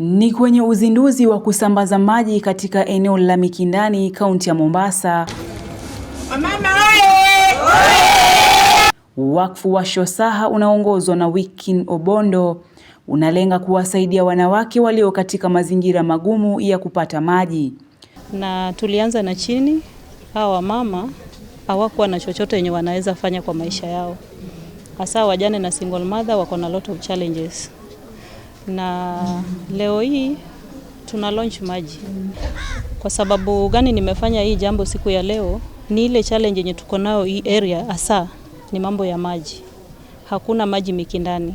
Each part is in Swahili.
Ni kwenye uzinduzi wa kusambaza maji katika eneo la Mikindani, kaunti ya Mombasa. Mama, wakfu wa Shosaha unaongozwa na Wikin Obondo unalenga kuwasaidia wanawake walio katika mazingira magumu ya kupata maji. Na tulianza na chini, hawa mama hawakuwa na chochote yenye wanaweza fanya kwa maisha yao, hasa wajane na single mother wako na lot of challenges na leo hii tuna launch maji. Kwa sababu gani nimefanya hii jambo siku ya leo? Ni ile challenge yenye tuko nayo hii area, hasa ni mambo ya maji. Hakuna maji Mikindani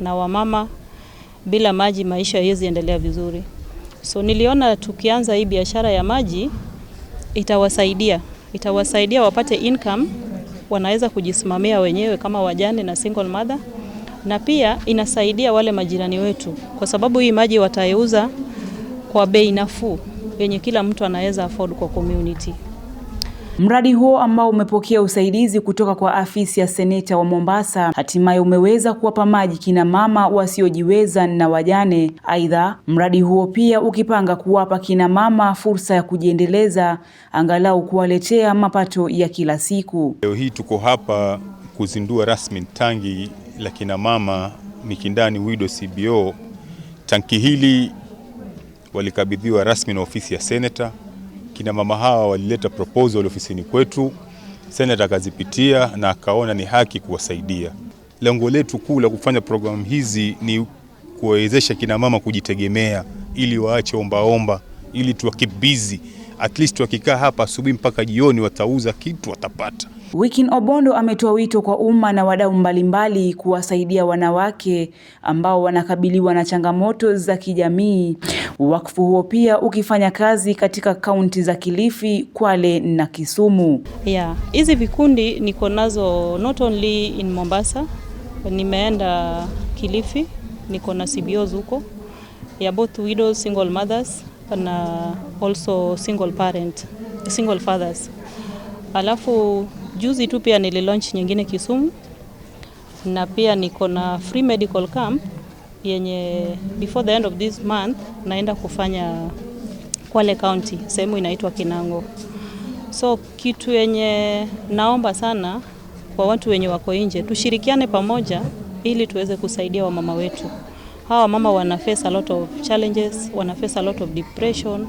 na wamama, bila maji maisha haiwezi endelea vizuri. So niliona tukianza hii biashara ya maji itawasaidia, itawasaidia wapate income, wanaweza kujisimamia wenyewe kama wajane na single mother na pia inasaidia wale majirani wetu, kwa sababu hii maji watayeuza kwa bei nafuu yenye kila mtu anaweza afford kwa community. Mradi huo ambao umepokea usaidizi kutoka kwa afisi ya seneta wa Mombasa hatimaye umeweza kuwapa maji kina mama wasiojiweza na wajane. Aidha, mradi huo pia ukipanga kuwapa kina mama fursa ya kujiendeleza, angalau kuwaletea mapato ya kila siku. Leo hii tuko hapa kuzindua rasmi tangi la kinamama Mikindani Wido CBO. Tanki hili walikabidhiwa rasmi na ofisi ya seneta. Kinamama hawa walileta proposal ofisini kwetu, seneta akazipitia na akaona ni haki kuwasaidia. Lengo letu kuu la kufanya programu hizi ni kuwawezesha kinamama kujitegemea, ili waache ombaomba, ili tuwakibizi At least wakikaa hapa asubuhi mpaka jioni, watauza kitu watapata. Wikin Obondo ametoa wito kwa umma na wadau mbalimbali kuwasaidia wanawake ambao wanakabiliwa na changamoto za kijamii. Wakfu huo pia ukifanya kazi katika kaunti za Kilifi, Kwale na Kisumu. Yeah, hizi vikundi niko nazo not only in Mombasa, nimeenda Kilifi, niko na CBOs huko. Yeah, both widows, single mothers na uh, also single parent, single fathers. Alafu Juzi tu pia nililaunch nyingine Kisumu, na pia niko na free medical camp yenye before the end of this month naenda kufanya Kwale County, sehemu inaitwa Kinango. So kitu yenye naomba sana kwa watu wenye wako nje, tushirikiane pamoja ili tuweze kusaidia wamama wetu. Hawa wamama wana face a lot of challenges, wana face a lot of depression,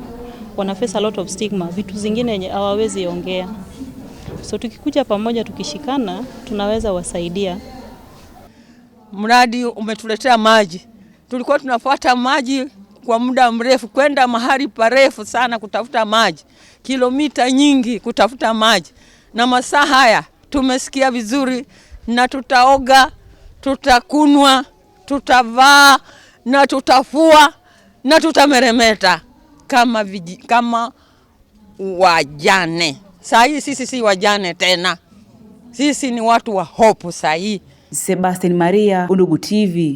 wana face a lot of stigma, vitu zingine yenye hawawezi ongea. So tukikuja pamoja, tukishikana, tunaweza wasaidia. Mradi umetuletea maji, tulikuwa tunafuata maji kwa muda mrefu, kwenda mahali parefu sana kutafuta maji, kilomita nyingi kutafuta maji, na masaa haya tumesikia vizuri, na tutaoga, tutakunwa, tutavaa na tutafua na tutameremeta kama, viji, kama wajane. Saa hii sisi si wajane tena, sisi ni watu wa hope saa hii. Sebastian Maria, Undugu TV.